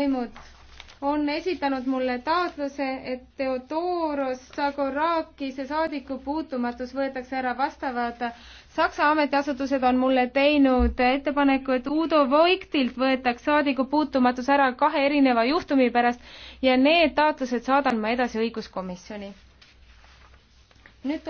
võimud on esitanud mulle taotluse, et Theodoros Zagorakise saadikupuutumatus võetakse ära vastavad Saksa ametiasutused on mulle teinud ettepaneku, et Udo Voigtilt võetaks saadikupuutumatus ära kahe erineva juhtumi pärast ja need taotlused saadan ma edasi õiguskomisjoni. nüüd